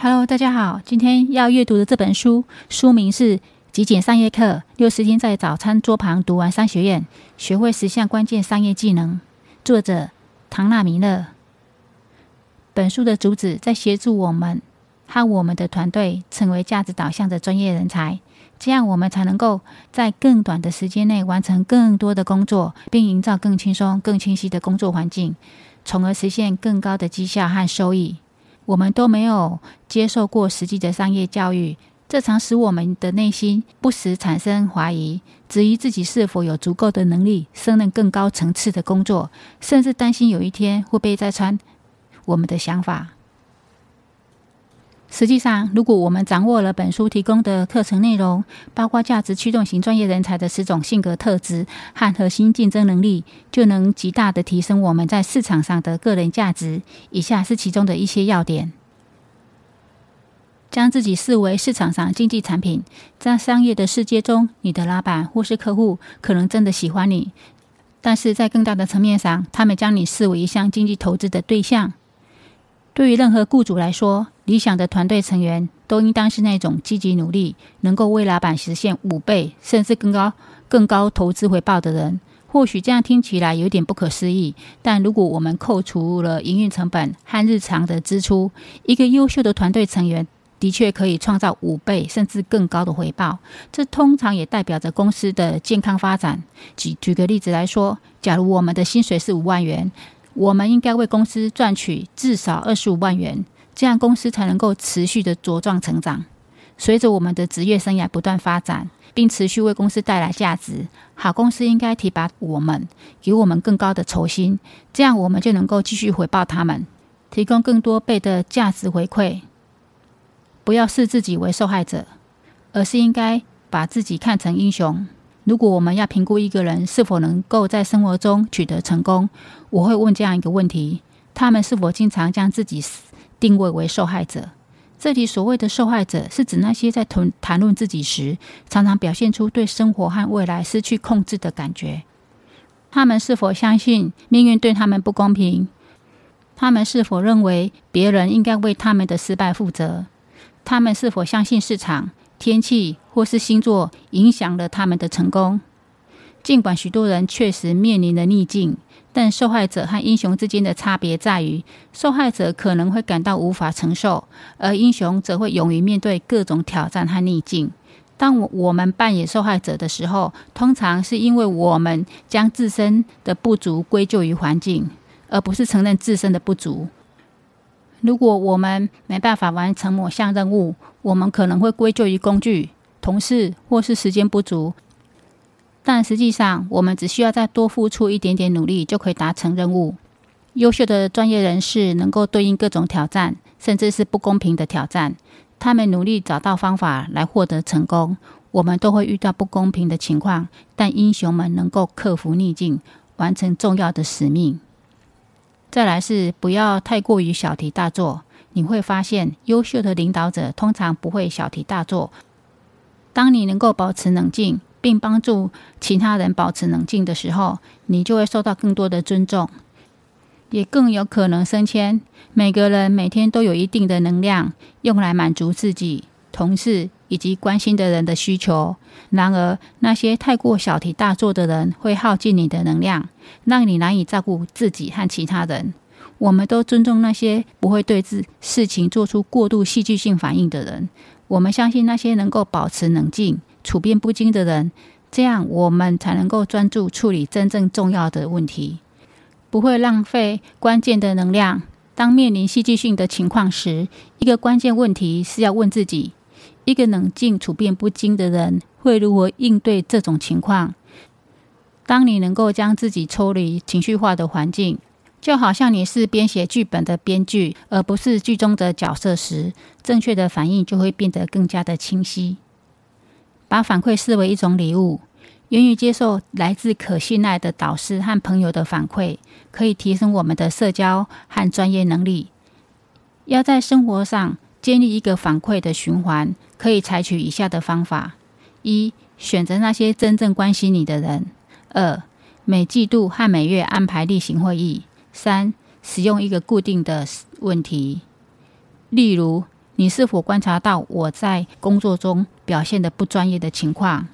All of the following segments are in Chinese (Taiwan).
Hello，大家好。今天要閱讀的這本書書名是《極簡商業課：六十天在早餐桌旁讀完商學院，學會十項關鍵商業技能》。作者唐納‧米勒。本書的主旨在協助我們和我們的團隊成為價值導向的專業人才，這樣我們才能夠在更短的時間內完成更多的工作，並營造更輕鬆、更清晰的工作環境，從而實現更高的績效和收益。我們都沒有接受過實際的商業教育，這常使我們的內心不時產生懷疑，質疑自己是否有足夠的能力勝任更高層次的工作，甚至擔心有一天會被拆穿我們的想法。實際上，如果我們掌握了本書提供的課程內容，包括價值驅動型專業人才的十種性格特質和核心競爭能力，就能極大的提升我們在市場上的個人價值。以下是其中的一些要點：將自己視為市場上經濟產品。在商業的世界中，你的老板或是客戶可能真的喜歡你，但是在更大的層面上，他們將你視為一項經濟投資的對象。對於任何雇主來說，理想的團隊成員都應當是那種積極努力、能夠為老板實現五倍甚至更高、更高投資回報的人。或許這樣聽起來有點不可思議，但如果我們扣除了營運成本和日常的支出，一個優秀的團隊成員的確可以創造五倍甚至更高的回報。這通常也代表着公司的健康發展。舉舉個例子來說，假如我們的薪水是五萬元。我們應該為公司賺取至少二十五萬元，這樣公司才能夠持續的茁壯成長。隨着我們的職業生涯不斷發展，並持續為公司帶來價值，好公司應該提拔我們，給我們更高的酬薪，這樣我們就能夠繼續回報他們，提供更多倍的價值回饋。不要視自己為受害者，而是應該把自己看成英雄。如果我們要評估一個人是否能夠在生活中取得成功，我會問這樣一個問題：他們是否經常將自己定位為受害者？這裡所謂的受害者，是指那些在談談論自己時，常常表現出對生活和未來失去控制的感覺。他們是否相信命運對他們不公平？他們是否認為別人應該為他們的失敗負責？他們是否相信市場？天氣或是星座影響了他們的成功。儘管許多人確實面臨了逆境，但受害者和英雄之間的差別在於，受害者可能會感到無法承受，而英雄則會勇於面對各種挑戰和逆境。當我我們扮演受害者的時候，通常是因為我們將自身的不足歸咎於環境，而不是承認自身的不足。如果我們沒辦法完成某項任務，我們可能會歸咎於工具、同事或是時間不足。但實際上，我們只需要再多付出一點點努力，就可以達成任務。優秀的專業人士能夠對應各種挑戰，甚至是不公平的挑戰。他們努力找到方法來獲得成功，我們都會遇到不公平的情況，但英雄們能夠克服逆境，完成重要的使命。再來是不要太過於小題大做，你會發現優秀的領導者通常不會小題大做。當你能夠保持冷靜，並幫助其他人保持冷靜的時候，你就會受到更多的尊重，也更有可能升遷。每個人每天都有一定的能量，用來滿足自己、同事，以及關心的人的需求。然而，那些太過小題大做的人會耗盡你的能量，讓你難以照顧自己和其他人。我們都尊重那些不會對事情做出過度戲劇性反應的人。我們相信那些能夠保持冷靜、處變不驚的人。這樣，我們才能夠專注處理真正重要的問題，不會浪費關鍵的能量。當面臨戲劇性的情況時，一個關鍵問題是要問自己。一個冷靜、處變不驚的人會如何應對這種情況？當你能夠將自己抽離情緒化的環境，就好像你是編寫劇本的編劇，而不是劇中的角色時，正確的反應就會變得更加的清晰。把反饋視為一種禮物，勇於接受來自可信賴的導師和朋友的反饋，可以提升我們的社交和專業能力。要在生活上。建立一個反饋的循環，可以採取以下的方法：一、選擇那些真正關心你的人；二、每季度和每月安排例行會議；三、使用一個固定的問題，例如：你是否觀察到我在工作中表現得不專業的情況？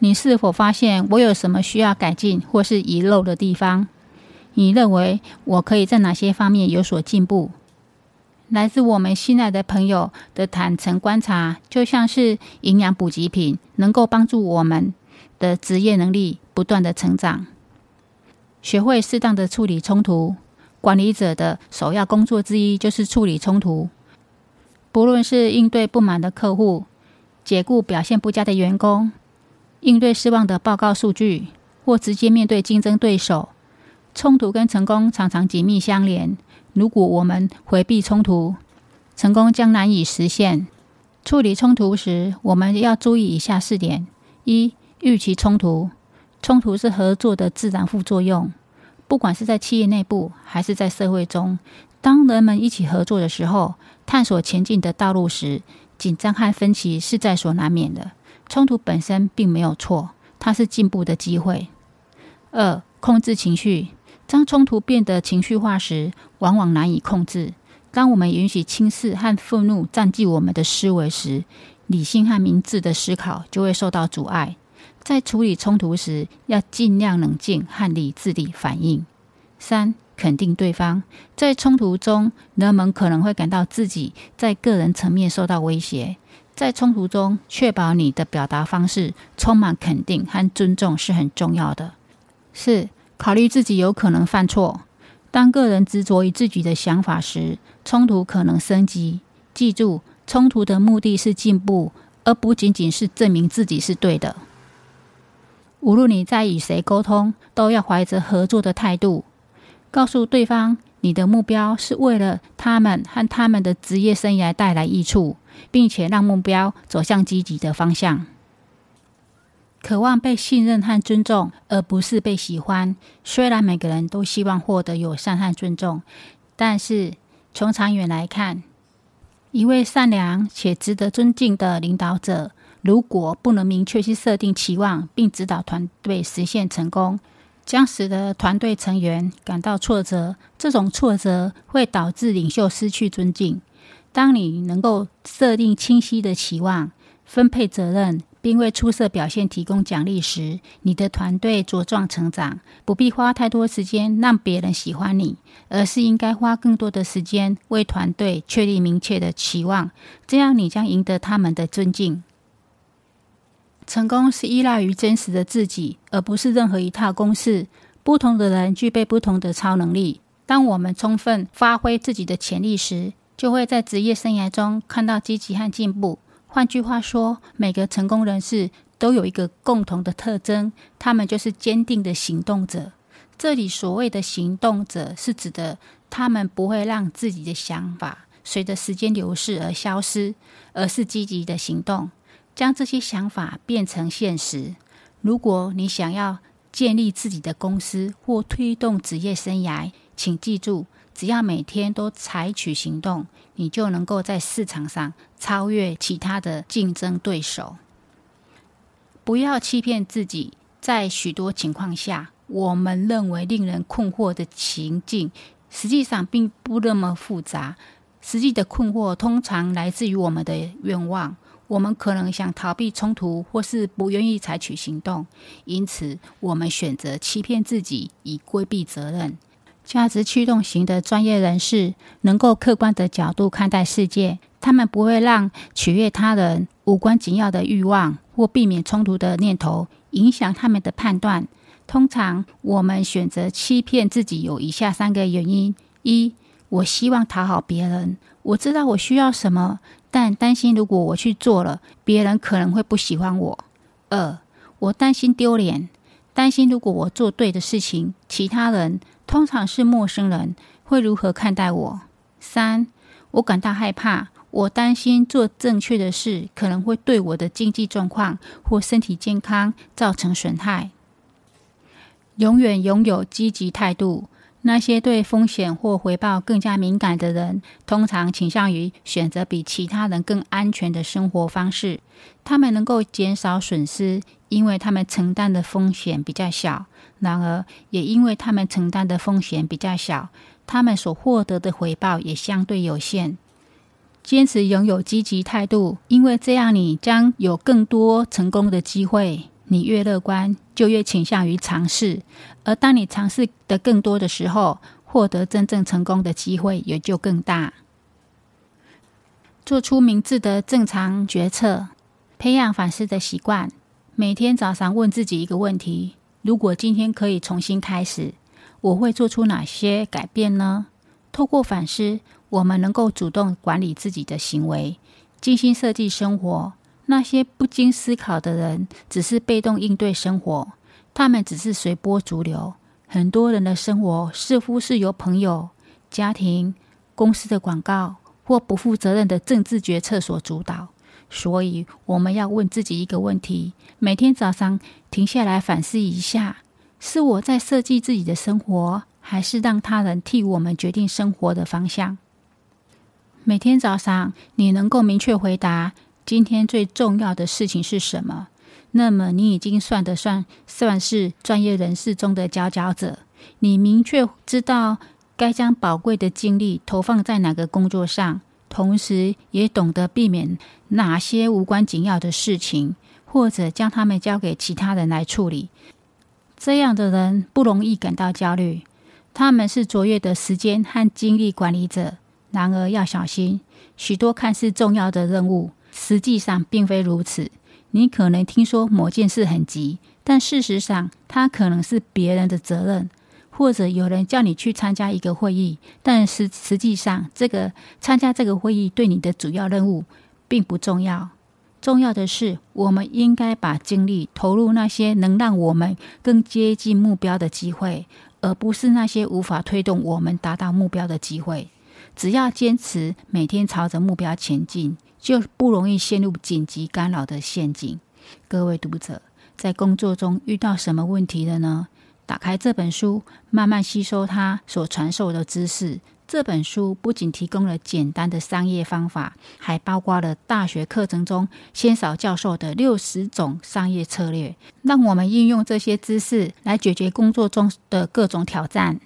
你是否發現我有什麼需要改進或是遺漏的地方？你認為我可以在哪些方面有所進步？來自我們新來的朋友的坦誠觀察，就像是營養補給品，能夠幫助我們的職業能力不斷的成長，學會適當的處理衝突。管理者的首要工作之一就是處理衝突，不論是應對不滿的客戶、解雇表現不佳的員工、應對失望的報告數據，或直接面對競爭對手，衝突跟成功常常緊密相連。如果我們迴避衝突，成功將難以實現。處理衝突時，我們要注意以下四點：一、預期衝突，衝突是合作的自然副作用。不管是在企業內部還是在社會中，當人們一起合作的時候，探索前進的道路時，緊張和分歧是在所難免的。衝突本身並沒有錯，它是進步的機會。二、控制情緒。當衝突變得情緒化時，往往難以控制。當我們允許輕視和憤怒占據我們的思維時，理性和明智的思考就會受到阻礙。在處理衝突時，要盡量冷靜和理智地反應。三、肯定對方。在衝突中，人們可能會感到自己在個人層面受到威脅。在衝突中，確保你的表達方式充滿肯定和尊重是很重要的。四、考慮自己有可能犯錯。當個人執着於自己的想法時，衝突可能升級。記住，衝突的目的是進步，而不僅僅是證明自己是對的。無論你在與誰溝通，都要懷着合作的態度，告訴對方你的目標是為了他們和他們的職業生涯帶來益處，並且讓目標走向積極的方向。渴望被信任和尊重，而不是被喜歡。雖然每個人都希望獲得友善和尊重，但是從長遠來看，一位善良且值得尊敬的領導者，如果不能明確去設定期望並指導團隊實現成功，將使得團隊成員感到挫折。這種挫折會導致領袖失去尊敬。當你能夠設定清晰的期望，分配責任。並為出色表現提供獎勵時，你的團隊茁壯成長，不必花太多時間讓別人喜歡你，而是應該花更多的時間為團隊確立明確的期望，這樣你將贏得他們的尊敬。成功是依賴於真實的自己，而不是任何一套公式。不同的人具備不同的超能力。當我們充分發揮自己的潛力時，就會在職業生涯中看到積極和進步。換句話說，每個成功人士都有一個共同的特徵，他們就是堅定的行動者。這裡所謂的行動者，是指的他們不會讓自己的想法隨着時間流逝而消失，而是積極的行動，將這些想法變成現實。如果你想要建立自己的公司或推動職業生涯，請記住。只要每天都採取行動，你就能夠在市場上超越其他的競爭對手。不要欺騙自己，在許多情況下，我們認為令人困惑的情境，實際上並不那麼複雜。實際的困惑通常來自於我們的願望。我們可能想逃避衝突，或是不願意採取行動，因此我們選擇欺騙自己，以規避責任。價值驅動型的專業人士能夠客觀的角度看待世界，他們不會讓取悅他人、無關緊要的慾望或避免衝突的念頭影響他們的判斷。通常，我們選擇欺騙自己有以下三個原因：一，我希望討好別人，我知道我需要什麼，但擔心如果我去做了，別人可能會不喜歡我；二，我擔心丟臉，擔心如果我做對的事情，其他人……通常是陌生人會如何看待我？三，我感到害怕，我擔心做正確的事可能會對我的經濟狀況或身體健康造成損害。永遠擁有積極態度。那些對風險或回報更加敏感的人，通常傾向於選擇比其他人更安全的生活方式。他們能夠減少損失，因為他們承擔的風險比較小；然而，也因為他們承擔的風險比較小，他們所獲得的回報也相對有限。堅持擁有積極態度，因為這樣你將有更多成功的機會。你越樂觀，就越傾向於嘗試；而當你嘗試的更多的時候，獲得真正成功的機會也就更大。做出明智的正常決策，培養反思的習慣。每天早上問自己一個問題：如果今天可以重新開始，我會做出哪些改變呢？透過反思，我們能夠主動管理自己的行為，精心設計生活。那些不經思考的人，只是被動應對生活，他們只是隨波逐流。很多人的生活似乎是由朋友、家庭、公司的廣告或不負責任的政治決策所主導。所以，我們要問自己一個問題：每天早上停下來反思一下，是我在設計自己的生活，還是讓他人替我們決定生活的方向？每天早上，你能夠明確回答，今天最重要的事情是什麼？那麼你已經算得算算是專業人士中的佼佼者。你明確知道該將寶貴的精力投放在哪個工作上，同時也懂得避免哪些無關緊要的事情，或者將他們交給其他人來處理。這樣的人不容易感到焦慮，他們是卓越的時間和精力管理者。然而要小心，許多看似重要的任務，實際上並非如此。你可能聽說某件事很急，但事實上它可能是別人的責任，或者有人叫你去參加一個會議，但實實際上這個參加這個會議對你的主要任務並不重要。重要的是，我們應該把精力投入那些能讓我們更接近目標的機會，而不是那些無法推動我們達到目標的機會。只要堅持每天朝着目標前進。就不容易陷入緊急干擾的陷阱。各位讀者，在工作中遇到什麼問題了呢？打開這本書，慢慢吸收它所傳授的知識。這本書不僅提供了簡單的商業方法，還包括了大學課程中鮮少教授的六十種商業策略，讓我們運用這些知識來解決工作中的各種挑戰。